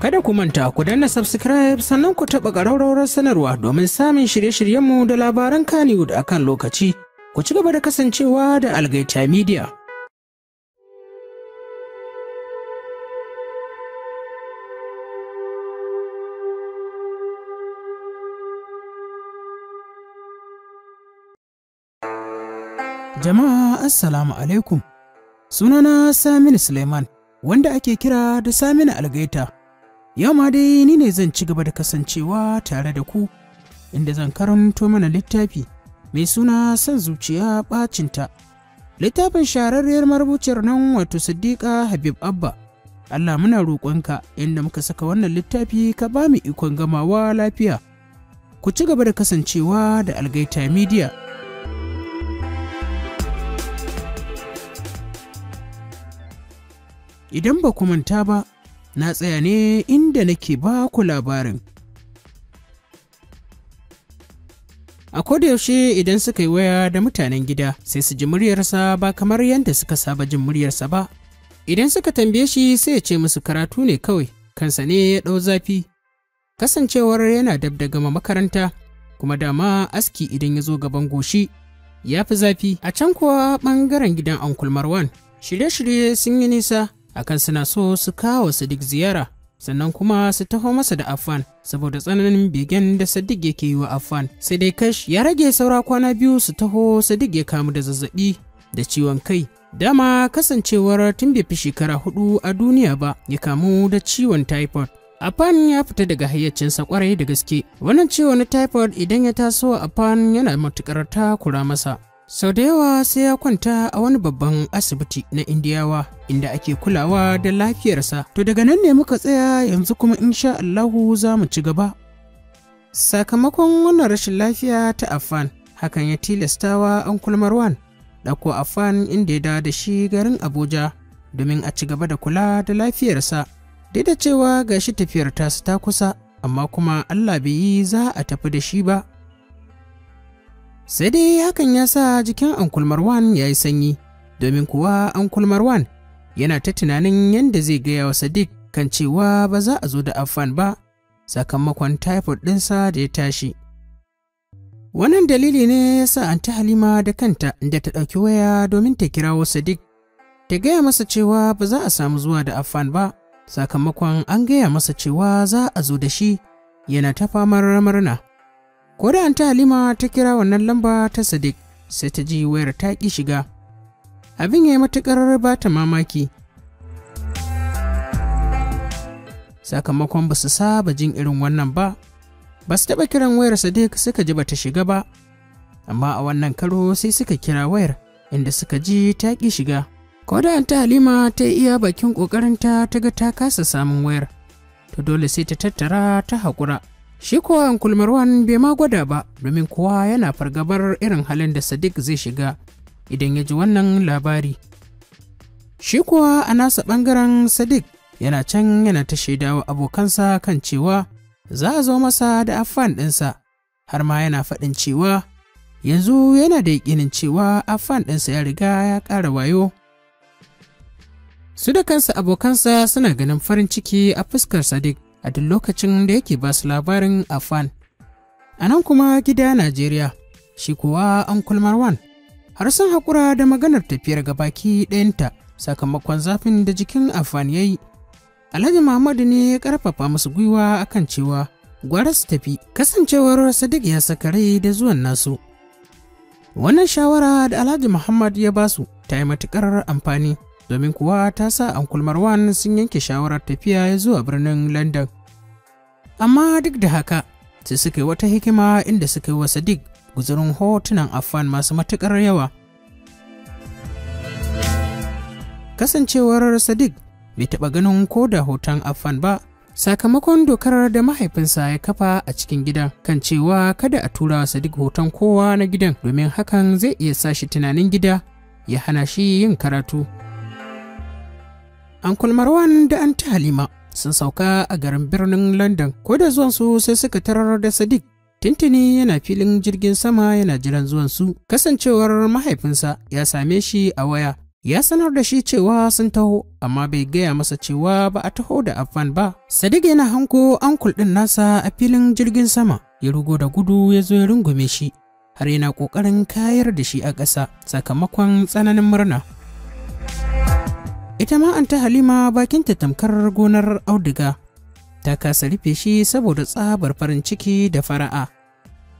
Kada ku manta ku danna subscribe sannan ku taɓa ƙararrawar sanarwa domin samun shirye-shiryenmu da labaran Kannywood a kan lokaci. Ku ci gaba da kasancewa da Algaita Media. Jama'a Assalamu alaikum. Sunana Saminu Suleiman, wanda ake kira da Saminu Algaita. Yau ma dai ni ne zan ci gaba da kasancewa tare da ku, inda zan karanto mana littafi mai suna son zuciya bacinta. Littafin shahararriyar marubuciyar nan wato Siddiƙa Habib Abba. Allah muna roƙonka inda muka saka wannan littafi ka ba mu ikon gamawa lafiya. Ku ci gaba da kasancewa da Algaita Media. Idan ba ku manta ba, na tsaya ne inda nake ba ku labarin. A yaushe idan suka yi waya da mutanen gida sai su ji muryarsa ba kamar yadda suka saba jin muryarsa ba. Idan suka tambaye shi sai ya ce musu karatu ne kawai, kansa ne ya ɗau zafi. Kasancewar yana dab da gama makaranta, kuma dama aski idan ya zo gaban goshi, ya fi zafi. A can kuwa ɓangaren gidan Uncle Marwan, shirye-shirye sun yi nisa akan suna so su kawo Sadiq ziyara sannan kuma su taho masa da afan. saboda tsananin begen da Sadiq yake yi wa Affan sai dai kash ya rage saura kwana biyu su taho Sadiq ya kamu da zazzabi da ciwon kai dama kasancewar tun bai fi shekara hudu a duniya ba ya kamu da ciwon typhoid Afan ya fita daga hayyacinsa kwarai da gaske. Wannan ciwo na typhoid idan ya taso Afan yana matukar takura masa. sau da yawa sai ya kwanta a wani babban asibiti na indiyawa inda ake kulawa da lafiyarsa to daga nan ne muka tsaya yanzu kuma in sha Allahu za mu ci gaba sakamakon wannan rashin lafiya ta afan hakan ya tilastawa an kulmarwan ɗauko afan inda ya da shi garin abuja domin a ci gaba da kula da lafiyarsa dai da cewa gashi tafiyar tasu ta kusa amma kuma allah bai yi za a tafi da shi ba sai dai hakan ya sa jikin ankul marwan ya yi sanyi domin kuwa ankulmarwan marwan yana ta tunanin yadda zai gaya wa sadiq kan cewa ba za a zo da afan ba sakamakon typhoid ɗinsa da ya tashi wannan dalili ne ya sa an ta halima da kanta da ta ɗauki waya domin ta kirawo sadiq ta gaya masa cewa ba za a samu zuwa da afan ba sakamakon an gaya masa cewa za a zo da shi yana ta famar murna ko da an ta halima ta kira wannan lamba ta sadiq sai ta ji wayar ta ƙi shiga abin ya yi matuƙar ba ta mamaki sakamakon ba su saba jin irin wannan ba ba su taɓa kiran wayar sadiq suka ji ba ta shiga ba amma a wannan karo sai suka kira wayar inda suka ji ta ƙi shiga ko da ta halima ta iya bakin ƙoƙarinta ta ga ta kasa samun wayar to dole sai ta tattara ta haƙura Shi kuwa an kulmarwan bai ma gwada ba domin kowa yana fargabar irin halin da Sadiq zai shiga idan ya ji wannan labari. Shi kuwa a nasa ɓangaren Sadiq yana can yana ta wa abokansa kan cewa za a zo masa da afan ɗinsa har ma yana faɗin cewa yanzu yana da yakinin cewa afan ɗinsa ya riga ya ƙara wayo su da kansa abokansa suna ganin farin ciki a fuskar sadiq a duk lokacin da yake ba su labarin afan a nan kuma gida najeriya shi kuwa an wan, har sun haƙura da maganar tafiyar gabaki ɗayanta sakamakon zafin da jikin afan ya yi alhaji muhammadu ne ya ƙarfafa musu gwiwa akan cewa gwara su tafi kasancewar sadiq ya sakare da zuwan nasu wannan shawara da alhaji muhammad ya basu ta yi matuƙar amfani domin kuwa ta sa an kulmarwan sun yanke shawarar tafiya zuwa birnin London. Amma duk da haka, sai suka yi wata hikima inda suka yi wa Sadiq guzurin hotunan afan masu matuƙar yawa. Kasancewar Sadiq bai taɓa ganin ko da hoton afan ba, sakamakon dokar da mahaifinsa ya kafa a cikin gidan kan cewa kada a tura wa Sadiq hoton kowa na gidan domin hakan zai iya sashi tunanin gida ya hana shi yin karatu. Uncle Marwan da Anti Halima sun sauka a garin birnin London ko da zuwansu sai suka tarar da Sadiq Tintini yana filin jirgin sama yana jiran zuwansu, kasancewar mahaifinsa ya same shi a waya. Ya sanar da shi cewa sun taho, amma bai gaya masa cewa ba a taho da Affan ba. Sadiq yana hanko ankul ɗin nasa a filin jirgin sama, ya rugo da gudu ya zo ya rungume shi, har yana ƙoƙarin kayar da shi a ƙasa sakamakon tsananin murna. ita ma an ta halima bakinta tamkar gonar auduga ta kasa rufe shi saboda tsabar farin ciki da fara'a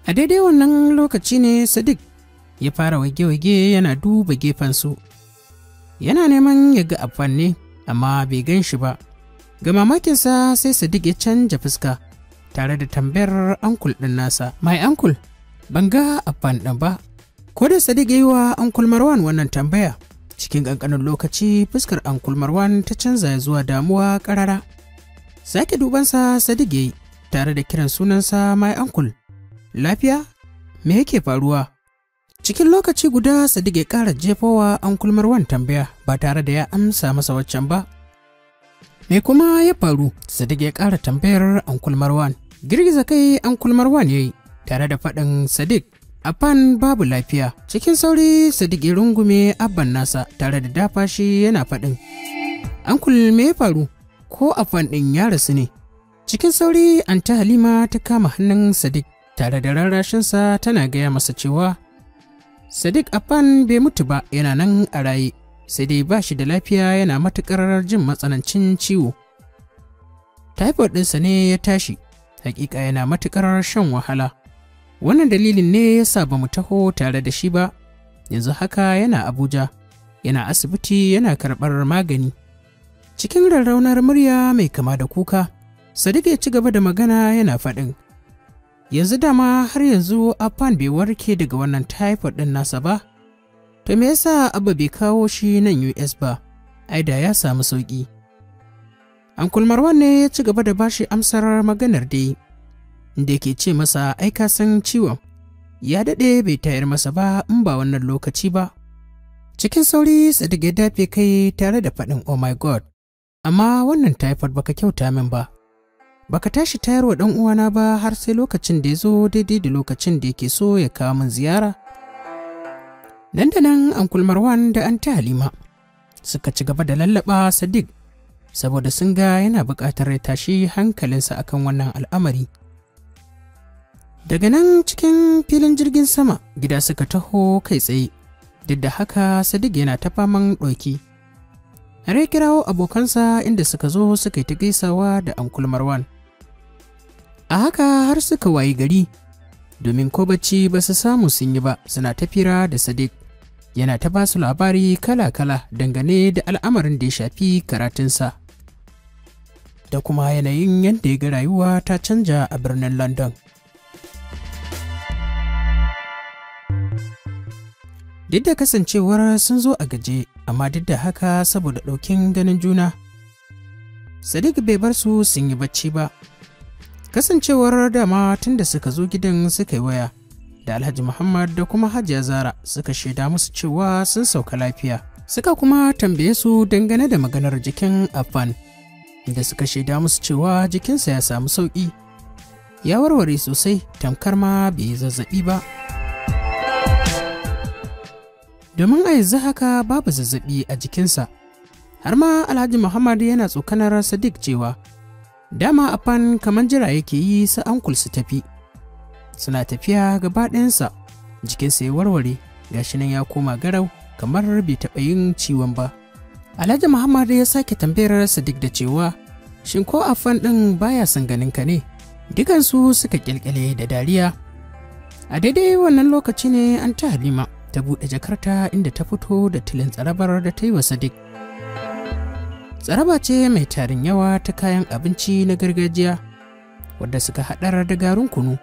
a daidai wannan lokaci ne sadiq ya fara wage-wage yana duba gefensu yana neman ya ga amfani amma bai gan shi ba ga mamakinsa sai sadiq ya canja fuska tare da tambayar ankul ɗin nasa mai ankul ban ga amfani ɗin ba ko da sadiq ya yi wa ankul marwan wannan tambaya cikin ƙanƙanin lokaci fuskar ankul ta canza zuwa damuwa ƙarara sake dubansa sadiq yayi tare da kiran sunansa mai ankul lafiya me yake faruwa cikin lokaci guda sadiq ya ƙara jefowa ankul marwan tambaya ba tare da ya amsa masa waccan ba me kuma ya faru sadiq ya ƙara tambayar ankul girgiza kai an kulmarwan yayi tare da faɗin sadiq Afan babu lafiya, cikin sauri Sadiq rungume abban nasa tare da dafa shi yana faɗin. An kulme faru? Ko Afan ɗin ya rasu ne? Cikin sauri Anta Halima ta kama hannun Sadiq tare da rarrashinsa tana gaya masa cewa Sadiq Afan bai mutu ba yana nan a raye, sai dai ba shi da lafiya yana matuƙar jin matsanancin ciwo. Taifod ɗinsa ne ya tashi, hakika yana matuƙar shan wahala. wannan dalilin ne ya sa ba mu taho tare da shi ba yanzu haka yana abuja yana asibiti yana karɓar magani cikin rarraunar murya mai kama da kuka sadiq ya ci gaba da magana yana faɗin yanzu dama har yanzu afan bai warke daga wannan typhoid ɗin nasa ba to me yasa abba bai kawo shi nan us ba ai ya samu sauƙi An kulmar ne ya ci gaba da bashi amsar maganar dai da ke ce masa ai ka san ciwon ya daɗe bai tayar masa ba in ba wannan lokaci ba cikin sauri sadiq ya dafe kai tare da faɗin oh my god amma wannan typhoid baka kyauta min ba baka tashi wa ɗan uwana ba har sai lokacin da ya zo daidai da lokacin da yake so ya kawo min ziyara nan da nan an kulmarwan da an ta halima suka ci gaba da lallaba sadiq saboda sun ga yana buƙatar ya tashi hankalinsa akan wannan al'amari daga nan cikin filin jirgin sama gida suka taho kai tsaye duk da haka sadiq yana ta faman ɗauki rai kirawo abokansa inda suka zo suka yi ta gaisawa da ankul marwan a haka har suka wayi gari domin ko bacci ba su samu sun yi ba suna ta fira da sadiq yana ta ba su labari kala-kala dangane da al'amarin da ya shafi karatunsa da kuma yanayin yadda ya ga rayuwa ta canja a birnin london Duk da kasancewar sun zo a gaje, amma duk da haka saboda ɗaukin ganin juna. Sadiq bai bar su sun yi bacci ba. Kasancewar dama tun da suka zo gidan suka yi waya, da Alhaji Muhammad da kuma Hajiya Zara suka shaida musu cewa sun sauka lafiya. Suka kuma tambaye su dangane da maganar jikin Afan, da suka shaida musu cewa jikinsa ya samu sauƙi. ya warware sosai tamkar ma bai zazzaɓi ba. domin a yanzu haka babu zazzaɓi a jikinsa har ma alhaji muhammad yana tsokanar sadiq cewa dama afan kamar jira yake yi sa ankul su tafi suna tafiya gaba ɗayansa jikinsa ya warware gashi nan ya koma garau kamar bai taɓa yin ciwon ba alhaji muhammad ya sake tambayar sadiq da cewa shin ko afan ɗin baya son ganin ka ne dukansu suka kyalkyale da dariya a daidai wannan lokaci ne an ta halima ta buɗe jakarta inda ta fito da tilin tsarabar da ta yi wa Sadiq. Tsaraba ce mai tarin yawa ta kayan abinci na gargajiya wadda suka haɗar da garin kunu,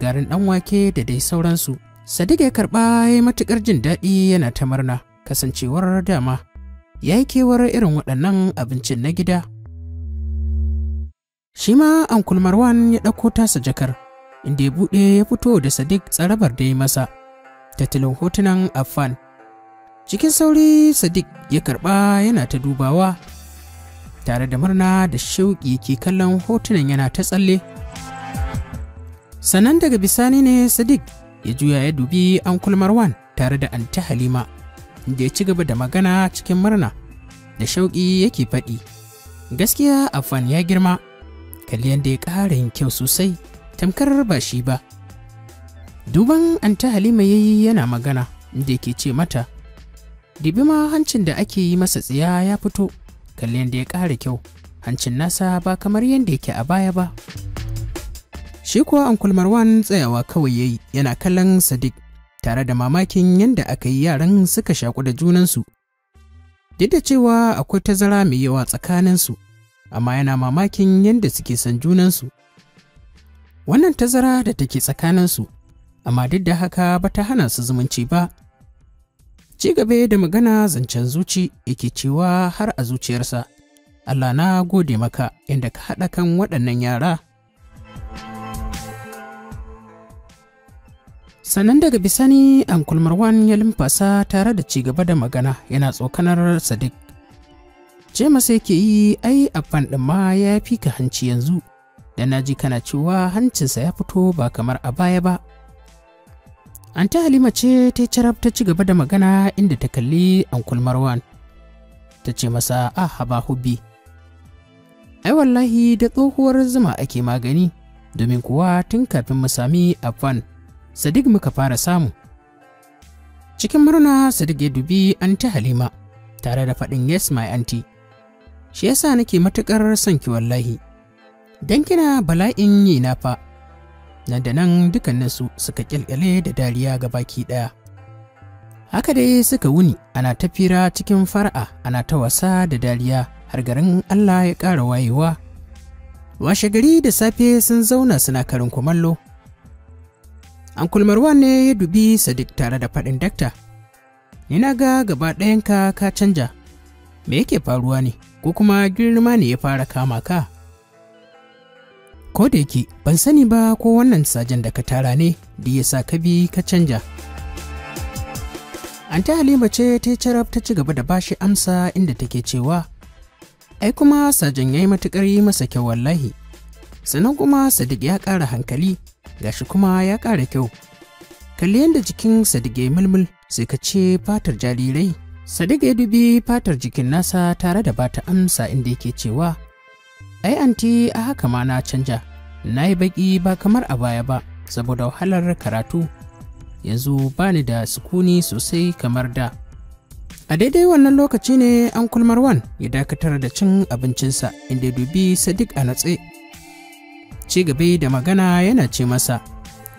garin ɗan wake da dai sauransu. Sadiq ya karɓa ya yi matuƙar jin daɗi yana ta murna kasancewar dama ya yi kewar irin waɗannan abincin na gida. Shi ma Ankul Marwan ya ɗauko tasa jakar, inda ya buɗe ya fito da Sadiq tsarabar da ya masa. tattalin hotunan Afan, Cikin sauri Sadiq ya karɓa yana ta dubawa tare da murna da shauƙi ke kallon hotunan yana ta tsalle. Sannan daga bisani ne Sadiq ya juya ya dubi Uncle Marwan tare da Anta Halima da ya ci gaba da magana cikin murna da shauƙi yake faɗi. Gaskiya Afan ya girma, kalli yadda ya ƙara yin kyau sosai, tamkar ba shi ba. duban anta halima ya yi yana magana da ke ce mata dibi ma hancin da ake yi masa tsiya ya fito kalli yadda ya ƙara kyau hancin nasa ba kamar yadda yake a baya ba shi kuwa kulmar wani tsayawa kawai ya yi yana kallon sadiq tare da mamakin yadda aka yi yaran suka shaƙu da junansu duk da cewa akwai tazara mai yawa tsakaninsu amma yana mamakin yadda suke son junansu wannan tazara da take tsakaninsu amma duk da haka ba ta hana su zumunci ba ci gaba da magana zancen zuci yake cewa har a zuciyarsa Allah na gode maka inda ka haɗa kan waɗannan yara sannan daga bisani kulmar wani ya limfasa tare da ci gaba da magana yana tsokanar sadiq ce masa yake yi ai a ma ya fi ka hanci yanzu da na ji kana cewa hancinsa ya fito ba kamar a baya ba Anta Halima ce ta yi carab ta ci gaba da magana inda ta kalli Ankul Marwan. Ta ce masa ah haba hubbi. Ai wallahi da tsohuwar zuma ake magani domin kuwa tun kafin mu sami Afan Sadiq muka fara samu. Cikin murna Sadiq ya dubi Anta Halima tare da faɗin yes my auntie. Shi yasa nake matuƙar son ki wallahi. don kina bala'in yi na fa. nan da nan dukkaninsu suka kyalkyale da dariya ga baki ɗaya haka dai suka wuni ana tafira cikin fara'a ana ta wasa da dariya har garin allah ya ƙara wayewa washe gari da safe sun zauna suna karin kumallo An kulmarwa ne ya dubi Sadiq tare da faɗin dakta. Ni na ga gaba ɗayanka ka canja. Me yake faruwa ne? Ko kuma girma ne ya fara kama ka? ko da yake ban sani ba ko wannan sajan da ka tara ne da ya sa ka bi ka canja ta Halima ce ta carab ta ci gaba da bashi amsa inda take cewa ai kuma sajan ya yi matuƙar yi masa kyau wallahi sannan kuma sadiq ya ƙara hankali gashi kuma ya ƙara kyau kalli yadda jikin sadiq ya mulmul sai ka ce fatar jarirai sadiq ya dubi fatar jikin nasa tare da bata amsa inda yake cewa ai anti a haka ma na canja na yi baƙi ba kamar a baya ba saboda wahalar karatu yanzu ba ni da sukuni sosai kamar da a daidai wannan lokaci ne an kulmar wan ya dakatar da cin abincinsa inda dubi sadiq a natse ci gaba da magana yana ce masa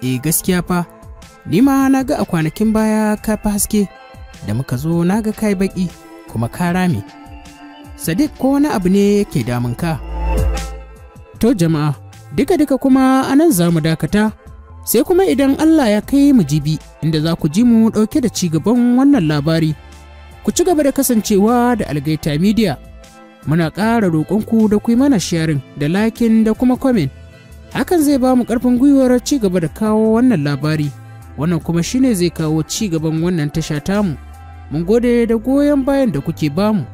e gaskiya fa ni ma na ga a kwanakin baya ka fi haske da muka zo na ga kai baƙi kuma ka rame sadiq ko wani abu ne yake damunka to jama'a Duka-duka kuma a nan za mu dakata, sai kuma idan Allah ya kai mu jibi inda za ku ji mu ɗauke da ci gaban wannan labari. Ku ci gaba da kasancewa da Algaita Media. Muna ƙara roƙonku da ku yi mana sharin, da lakin da kuma kwamen Hakan zai ba mu ƙarfin gwiwar ci gaba da kawo wannan labari. Wannan kuma shine zai kawo ci gaban wannan tasha tamu. Mun gode da goyon bayan da kuke bamu.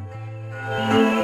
thank